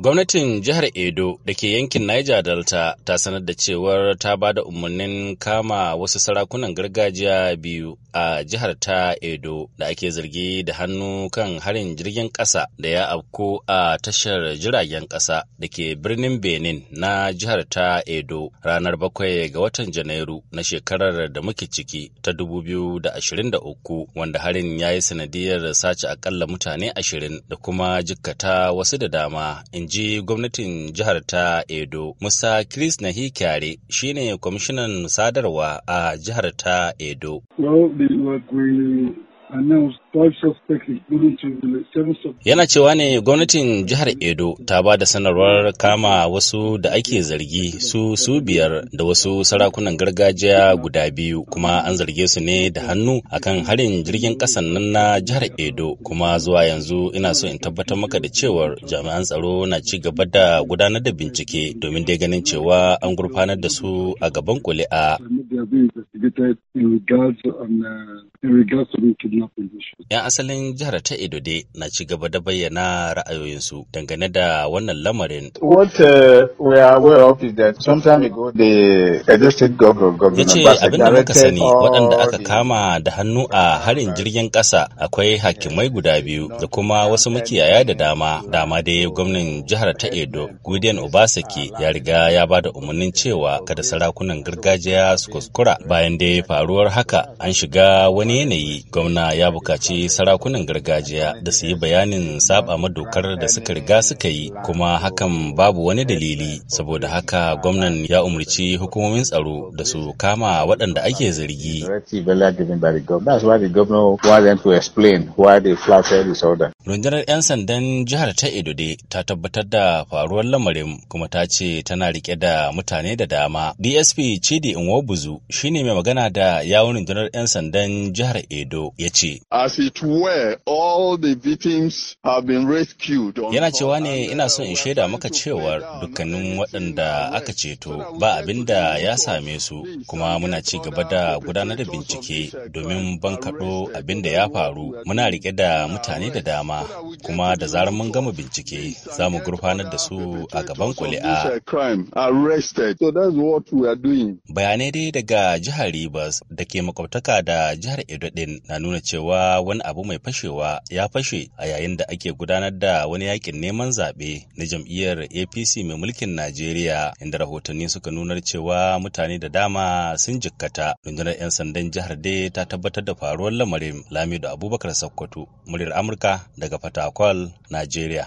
Gwamnatin jihar Edo da ke yankin Niger Delta ta sanar da cewar ta ba da umarnin kama wasu sarakunan gargajiya biyu a jihar ta Edo da ake zargi da hannu kan harin jirgin ƙasa da ya afko a tashar jiragen ƙasa da ke birnin Benin na jihar ta Edo ranar bakwai ga watan Janairu na shekarar da muke ciki ta 2023 wanda harin ya yi sanadiyar sace akalla mutane ashirin da kuma jikkata wasu da dama in je gwamnatin jihar ta Edo. Musa Chris Nahi Kyare shine kwamishinan sadarwa a jihar ta Edo. Well, Yana cewa ne gwamnatin jihar Edo ta ba da sanarwar kama wasu da ake zargi su su biyar da wasu sarakunan gargajiya guda biyu kuma an zarge su ne da hannu akan harin jirgin kasan nan na jihar Edo kuma zuwa yanzu ina so in tabbatar maka da cewar jami'an tsaro na ci gaba da gudanar da bincike domin dai ganin cewa an gurfanar da su a gaban kuli'a. 'Yan asalin jihar ta Edo dai na ci gaba da bayyana ra'ayoyinsu dangane da wannan lamarin. Uh, ya ce abin muka sani waɗanda aka kama da hannu a harin jirgin ƙasa akwai hakimai guda biyu da kuma wasu makiyaya da dama dama dai gwamnan jihar ta Edo gudiyan Obasaki, ya riga ya ba da umarnin cewa kada sarakunan gargajiya su kuskura bayan da faruwar haka an shiga wani yanayi gwamna ya buƙaci ce sarakunan gargajiya da su yi bayanin saba ma da suka riga suka yi kuma hakan babu wani dalili saboda haka gwamnan ya umarci hukumomin tsaro da su kama waɗanda ake zargi. Rundunar 'yan sandan jihar ta Edo dai ta tabbatar da faruwar lamarin kuma ta ce tana rike da mutane da dama. DSP Chidi Nwobuzu shine mai magana da yawon rundunar 'yan sandan jihar Edo ya ce. it the victims have been rescued. Yana cewa ne ina son in uh, shaida maka cewar dukkanin waɗanda aka ceto ba abin da ya same su kuma muna ci gaba da gudanar da bincike uh, domin ban kaɗo uh, abin da ya faru. Muna rike da mutane da dama kuma da zarar mun gama bincike za mu gurfanar da su a gaban kuli'a. Bayanai dai daga jihar Rivers da ke makwabtaka da jihar Edo ɗin na nuna cewa wani abu mai fashewa ya fashe a yayin da ake gudanar da wani yakin neman zaɓe na jam'iyyar apc mai mulkin najeriya inda rahotanni suka nunar cewa mutane da dama sun jikkata rundunar 'yan sandan jihar dai ta tabbatar da faruwar lamarin lamido abubakar sakkwato muryar amurka daga fatakwal najeriya